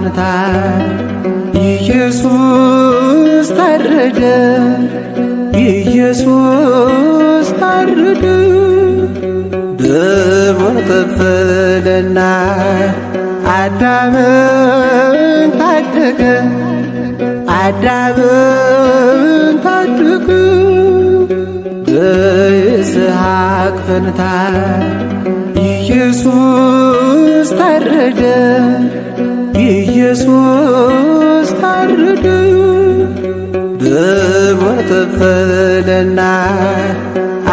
ፈንታ ኢየሱስ ታረደ፣ ኢየሱስ ታረደ። ደሙን ከፈለና አዳምን ታደገ፣ አዳምን ታደገ። በይስሐቅ ፈንታ ኢየሱስ ታረደ ኢየሱስ ታርድ በጎተፈለና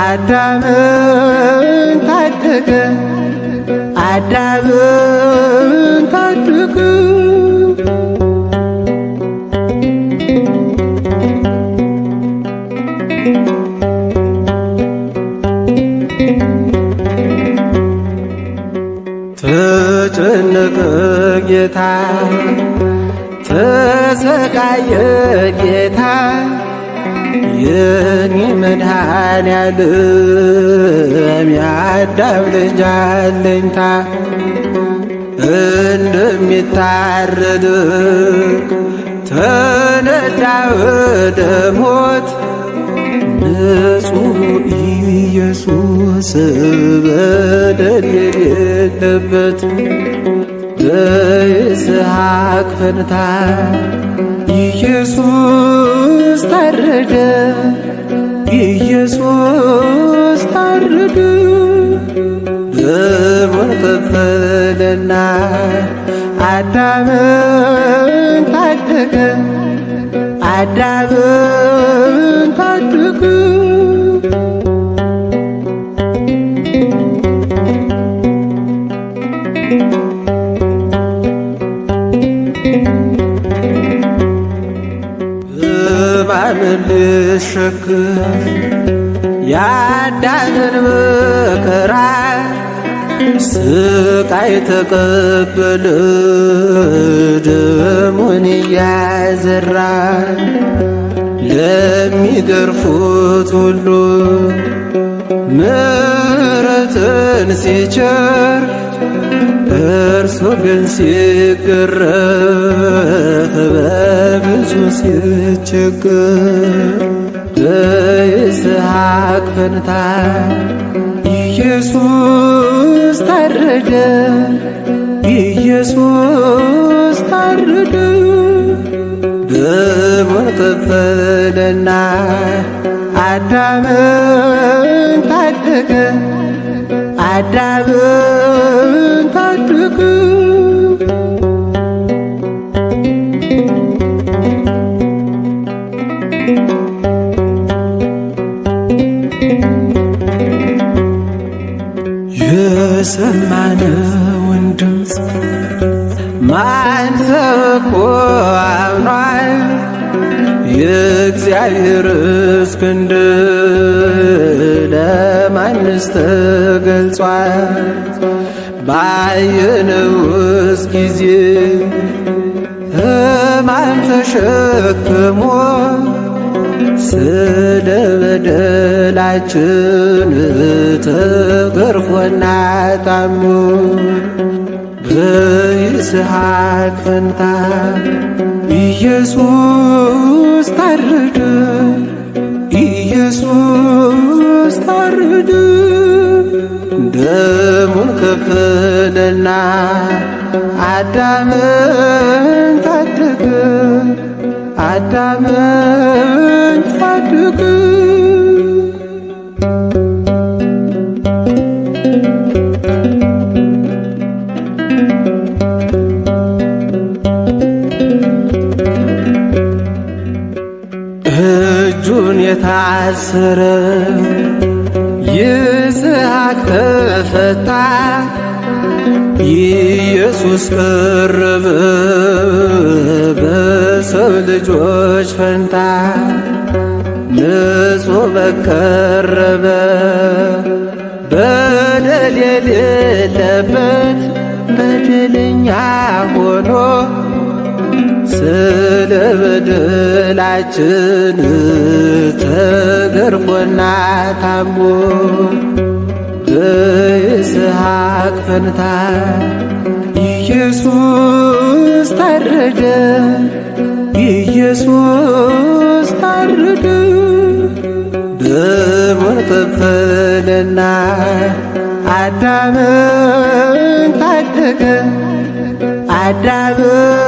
አዳምን ታደገ አዳምን ታደገ ተጨነቀ ጌታ ተሰቃየ ጌታ የኔ መድኃኔዓለም የአዳም ልጅ አለኝታ እንደሚታረድ ተነዳ ወደ ሞት ንጹሕ ኢየሱስ በደል የሌለበት በይስሐቅ ፈንታ ኢየሱስ ታረደ፣ ኢየሱስ ታረደ። በሞት ከፈለና አዳምን ታደገ አዳምን ያዳምን መከራ ስቃይ ተቀበለ ደሙን እያዘራ ለሚገርፉት ሁሉ ምሕረትን ሲቸር እርሱ ግን ሲገረፍ በብዙ ሲቸገር በይስሐቅ ፈንታ ኢየሱስ ታረደ፣ ኢየሱስ ታረደ። ደሙን ከፈለና አዳምን ታደገ፣ አዳምን ታደገ። የሰማነውን ድምፅ ማን ሰብኮ አምኗል? የእግዚአብሔርስ ክንድ ለማንስ ተገልጿል? ባየነውስ ጊዜ ማን ተሸክሞ ስለ በደላችን ተገርፎና ታሞ በይስሐቅ ፈንታ ኢየሱስ ታረደ፣ ኢየሱስ ታረደ፣ ደሙን ከፈለና አዳም ታሰረ፣ ይስሐቅ ተፈታ፣ ኢየሱስ ቀረበ በሰው ልጆች ፈንታ። ንጹ በቀረበ በደል የሌለበት በደለኛ ሆኖ ስለ በደላችን ተገርፎና ታሞ በይስሐቅ ፈንታ ኢየሱስ ታረደ፣ ኢየሱስ ታረደ። ደሙን አዳምን ታደገ አዳምን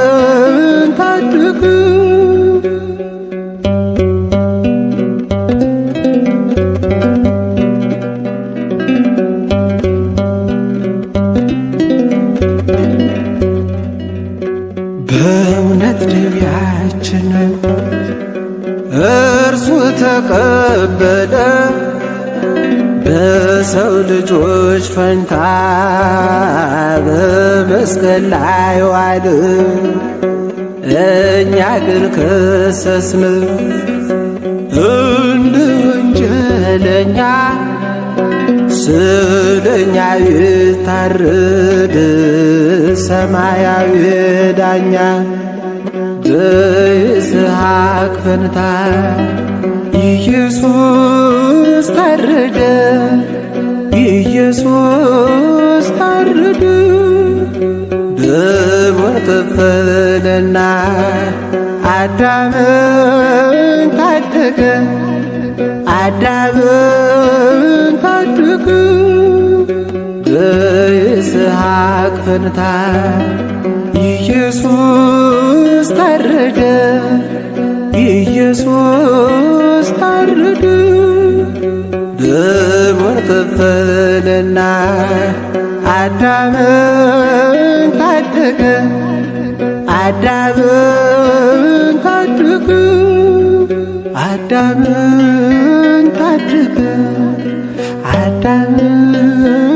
ተቀበለ በሰው ልጆች ፈንታ በመስቀል ላይ ዋለ። እኛ ግን ከሰስን እንደ ወንጀለኛ ስለኛ ይታረድ ሰማያዊ ዳኛ በይስሐቅ ፈንታ ኢየሱስ ታረደ፣ ኢየሱስ ታረደ። ደሙ ተፈለና አዳምን ታደገ፣ አዳምን ታደገ። በይስሐቅ ፈንታ ኢየሱስ ታረደ ኢየሱስ ታረደ፣ ደሙን ከፈለና አዳምን ታደገ፣ አዳምን ታደገ፣ አዳምን ታደገ፣ አዳምን